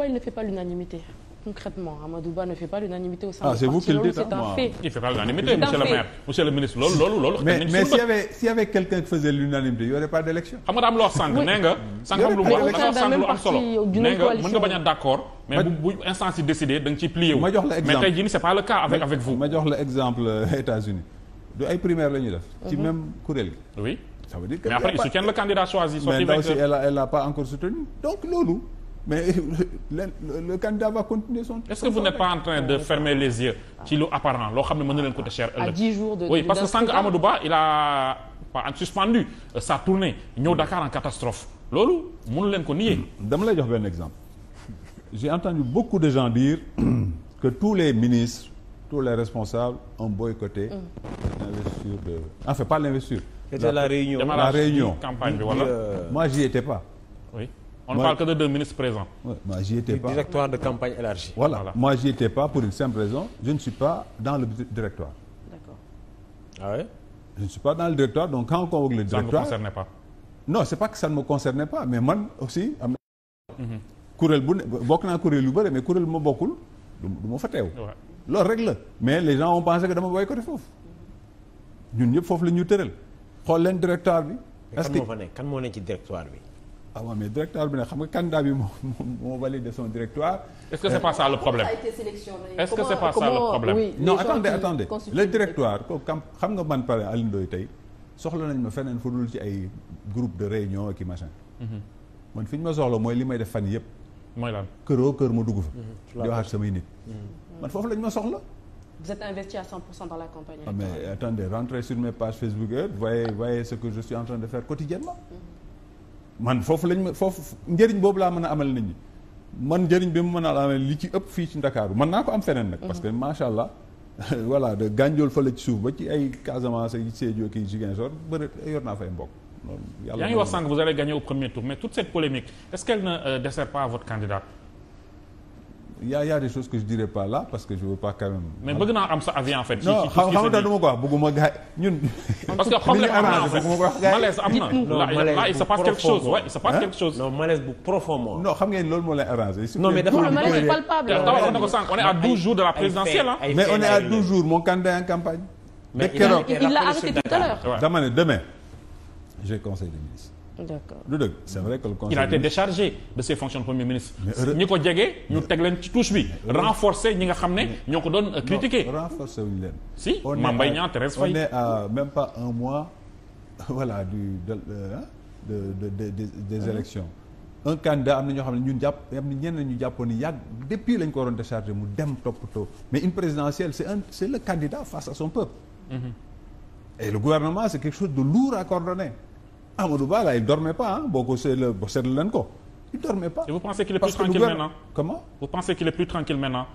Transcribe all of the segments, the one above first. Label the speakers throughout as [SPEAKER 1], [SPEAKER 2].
[SPEAKER 1] pourquoi il ne fait pas l'unanimité concrètement Amadou Ba ne fait pas l'unanimité au sein ah, du parti. Ah, c'est vous qui le dites. C'est un ah, fait. Il fait pas l'unanimité, monsieur le maire. Monsieur le ministre, loolu loolu loolu. Mais mais s'il y avait
[SPEAKER 2] s'il y avait quelqu'un qui faisait l'unanimité, il y aurait pas d'élection. Xam nga daam loo sànq nee nga sànq am lu mu wax sànq lu am solo nee nga mën nga bañ
[SPEAKER 1] a d'accord mais bu bu instance yi décidé da nga ciy plié wu. ma jox la exemple mais tey jii c'est pas le cas avec avec vous.
[SPEAKER 2] ma jox la exemple euh, États-Unis du ay primaires la ñuy def. ci mhm. même kuréel gi. oui ça veut dire que mais après ils soutiennent le candidat choisi. sorti vainqueur mais ndaw si euh, elle a elle a pas encore soutenu donc loolu mais le, le, le candidat va continuer son. est-ce que vous n'êtes pas en train de
[SPEAKER 1] fermer les yeux ci lu apparent loo xam ne mën na leen coûter cher ëllëg. à dix jours de parce que sànq Amadou Ba il a pas suspendu euh, sa
[SPEAKER 2] tournée ñëw Dakar en catastrophe loolu mënu leen ko nier. Hmm. dama lay jox benn exemple j'ai entendu beaucoup de gens dire que tous les ministres tous les responsables ont boycotté. Hmm. l'investiture de enfin pas l'investiture. c'était la réunion la réunion campagne bi wala. Euh, moi j'y étais pas. On moi, ne parle
[SPEAKER 1] que de deux ministres présents. Ouais, moi, j'y étais du pas. directoire de campagne élargie. Voilà. voilà.
[SPEAKER 2] Moi, j'y étais pas pour une simple raison. Je ne suis pas dans le directoire. D'accord. Ah Je ne suis pas dans le directoire, donc quand on convoque le directoire... Non, c'est pas que ça ne me concernait pas, mais man mhm. kurel bu ne bokk naa kuréel yu bëri mais kuréel bu ma bokkul du ma fa teew. loolu rek la mais les gens ont pensé que dama boycotté foofu. ñun ñëpp foofu la ñuy tëral. xool leen directoire b est-ce que kan moo bi. ah mais directoire bi nag xam nga candidat bi moo moo valide son directoire. est-ce que c'est euh, pas ça le problème est-ce que c'est pas ça le attendez le directoire kooku xam nga man pare Alioune tey soxla nañ ma feneen fu dul ci ay groupe de réunion ak i machin. Mhm. man fi ñu ma soxla mooy li may de fan yëpp. mooy lan këroo kër ma dugg fa. Mhm. di wax ak samay nit. Mhm. man foofu lañ ma soxla. vous ah, de faire quotidiennement. man foofu lañ ma foofu njëriñ boobu laa mën a amal nañ ñi man njëriñ bi mu mën a amal li ci ëpp fii ci Ndakaaru man naa ko am feneen nag parce que macha allah voilà de gànjool fële ci suuf ba ci ay Casamance ay Sédhiou kii Ziguinchor bëri yor naa fay mbokk yàlla yaa ngi wax
[SPEAKER 1] sànq vous allez gagner au premier tour mais toute cette polémique est-ce qu'elle ne euh, dessert pas votre candidat
[SPEAKER 2] y' a y' a des choses que je dirais pas là parce que je veux pas quand même. mais
[SPEAKER 1] bëgg naa am sa avis en fait. ci ci xam nga daal du
[SPEAKER 2] ma ko wax bëgguma gars ñun. parce que problème am na en fait malaise am na. là il se passe quelque chose ouais il se passe quelque chose. non malaise bu profond non xam ngeen loolu moo lay arrangé. non mais dafa am malaise palpable. tabax na ko sànq on est à 12 jours de la présidentielle ah. mais on est à 12 jours mon candidat en campagne. mais il a arrêté tout à l'heure dama ne demain j'ai conseil des ministres. d'accord du dëgg c'est vrai que le conseil. il a
[SPEAKER 1] de ses fonctions de premier ministre. ñi ko jege ñu teg leen ci touche bi. renforcer ñi nga xam ne ñoo ko doon euh, critiquer.
[SPEAKER 2] renforcer wuñu leen. si Mame Mbaye Niang Thérèse Faye. on pas un mois voilà du de euh, de de de des élections. un candidat am na ñoo xam ne ñun jàpp am na ñenn ñu jàppoon ni yàgg depuis lañ ko waroon décharger mu dem toppatoo mais une présidentielle c'est un c'est le candidat face à son peuple.
[SPEAKER 1] Mm-hmm.
[SPEAKER 2] et le gouvernement c'est quelque chose de lourd à coordonner. Amadou Ba là il dormait pas ah boo ko seetlu boo seetlu leen ko
[SPEAKER 1] il dormait pas. et vous pensez qu'il est
[SPEAKER 2] plus tranquille maintenant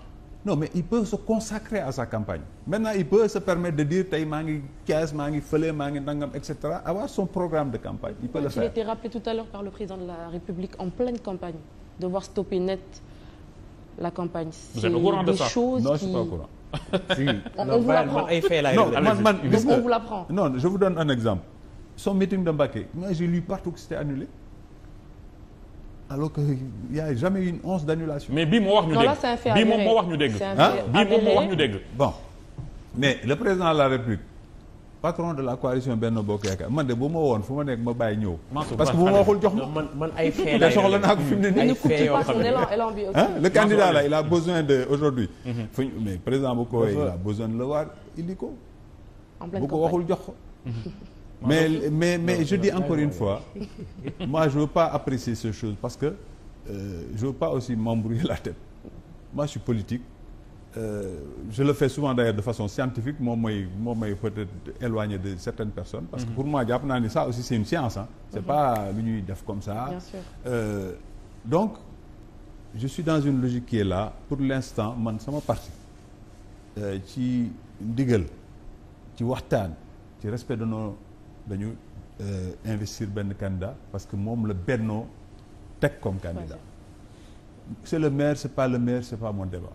[SPEAKER 2] non mais il peut se consacrer à sa campagne maintenant il peut se permettre de dire tey maa ngi Thiès maa ngi fële maa ngi nangam et cetera avoir son programme de campagne. il peut le faire a été
[SPEAKER 1] rappelé tout la République en pleine campagne devoir stopper net la campagne. vous au courant de ça non
[SPEAKER 2] non vous l'apprend. non je vous donne un exemple. son meeting de Mbacké moi j'ai partout que c'était annulé alors que y a jamais eu une once d'annulation mais bi moo wax ñu dégg bii moo wax ñu dégg bii moom moo wax bon mais le président de la République patron de la coalition Benno Bokk Yaakaar man de bu ma woon fu ma nekk ma bàyyi ñëw parce que bu ma waxul jox
[SPEAKER 1] ma man ay fee mu ne nii le candidat là il
[SPEAKER 2] a besoin de aujourd'hui mm-hmm. fuñ mais président bu ko woowee il a besoin de le voir il dit ko bu ko waxul jox ko mm-hmm. mais mais mais je dis encore une fois moi je veux pas apprécier ces choses parce que euh, je veux pas aussi m'embrouiller la tête moi je suis politique euh, je le fais souvent d'ailleurs de façon scientifique moom mooy moom mooy peut-être éloigné de certaines personnes parce que mm-hmm. pour moi jàpp naa ni ça aussi c'est une science ah c'est mm-hmm. pas lu ñuy def comme ça Bien sûr. Euh, donc je suis dans une logique qui est là pour l'instant man sama parti euh, ci ndigal ci waxtaan ci respect de no dañu euh, investir benn candidat parce que moom la bennoo teg comme candidat c'est le maire c'est pas le maire c'est pas mon débat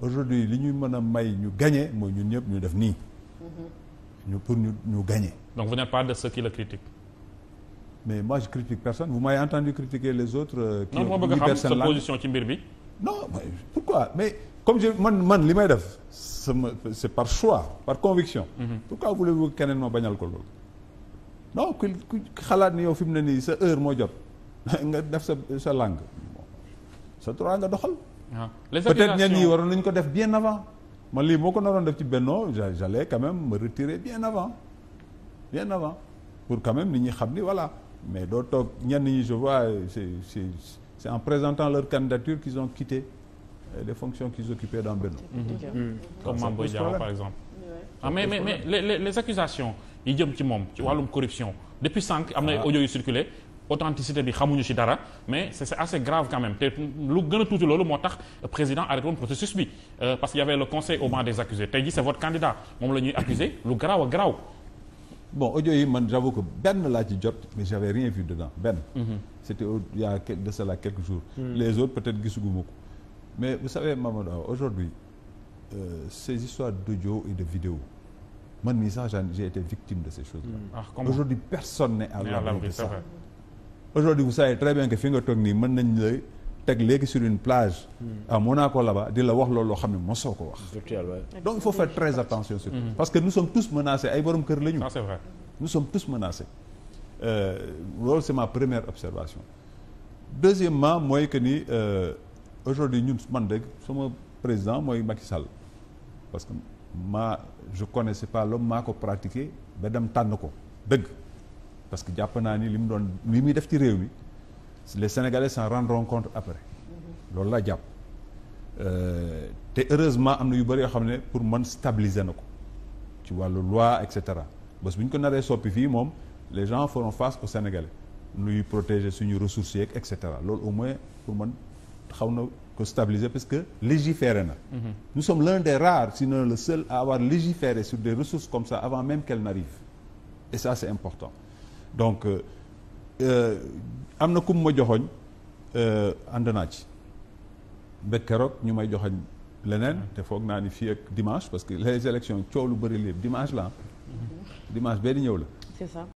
[SPEAKER 2] aujourd'hui li ñuy mën a may ñu gagner mooy ñun ñëpp ñu def nii
[SPEAKER 1] mm-hmm.
[SPEAKER 2] ñu pour ñu ñu gagner
[SPEAKER 1] donc vous n'êtes pas de ceux qui le critiquent
[SPEAKER 2] mais moi je critique personne vous m'avez entendu critiquer les autres euh, qui non bëgg a xam sa position ci mbir bi non mais pourquoi mais comme je man man li may def sama c'est par choix par conviction mm-hmm. pourquoi voulez-vous keneen ma bañal ko loolu non ku xalaat ni yow fi mu ne nii sa heure moo jot nga def sa sa langue sa droit nga doxal. Ah. peut-être ñenn yi waroon nañ ko def bien avant. man lii moo ko naroon def ci bennoo j'allais quand même me retirer bien avant bien avant pour quand même nit ñi xam ni voilà mais doo toog ñenn ñi je vois c'est c'est c'est en présentant leur candidature qu'ils ont quitté de euh, fonctions qu'ils occupaient dans Benno. Mm -hmm. mm exemple. ah mais mais mais
[SPEAKER 1] les les accusations. yi jëm ci moom ci wàllum corruption depuis cinq am na ay ah. audio yu circulé authenticité bi xamuñu ci dara mais c'est c'est assez grave quand te lu gën tuuti loolu moo tax président arrêté woon processus bi euh, parce qu'il y avait le conseil au banc des accusés tey jii c'est votre candidat
[SPEAKER 2] moom la accusé lu garaaw a bon audio yi man j'avoue ko benn laa ci jot mais j'avais rien vu dedans benn mhm. c'était il y a de cela quelques jours mhm. les autres peut-être gisuguma ko mais vous man mii sax j'ai été victime de ces choses-là. Mm. Ah, aujourd'hui personne n'est à de ça. aujourd'hui vous très bien que fi nga toog nii mën nañ la teg léegi sur une plage. Mm. à naa là-bas di la wax loolu loo xam ne mosoo ko wax. donc il faut faire très attention surtout. Mm. parce que nous sommes tous menacés ay borom kër la ñu. c'est vrai nous sommes tous menacés. Euh, loolu c'est ma première observation. deuxièmement mooy que ni euh, aujourd'hui ñun man de sama président mooy Macky Sall maa je connaissais pas l'homme maa ko pratiqué ba dem tànn ko dëgg parce que jàpp naa ni li mu doon li muy def ci réew mi les Sénégalais s'en rendront compte après loolu laa jàpp euh, te heureusement am na yu bëri yoo xam ne pour man stabiliser na ko ci wàllu loi et cetera bés bu ko naree soppi fii moom les gens feront face aux Sénégalais nuy protéger suñu ressources yeeg et cetera loolu au moins pour man xaw na ko stabiliser parce que légiféré na. nous sommes l'un des rares sinon le seul à avoir légiféré sur des ressources comme ça avant même qu'elles n'arrivent et ça c'est important donc euh, euh, am na kum ma joxoñ euh, ànd naa ci ba keroog ñu may joxoñ leneen te foog naa ni fii ak dimanche parce que les élections coow lu bëri lépp dimanche la dimanche bee di ñëw
[SPEAKER 1] la.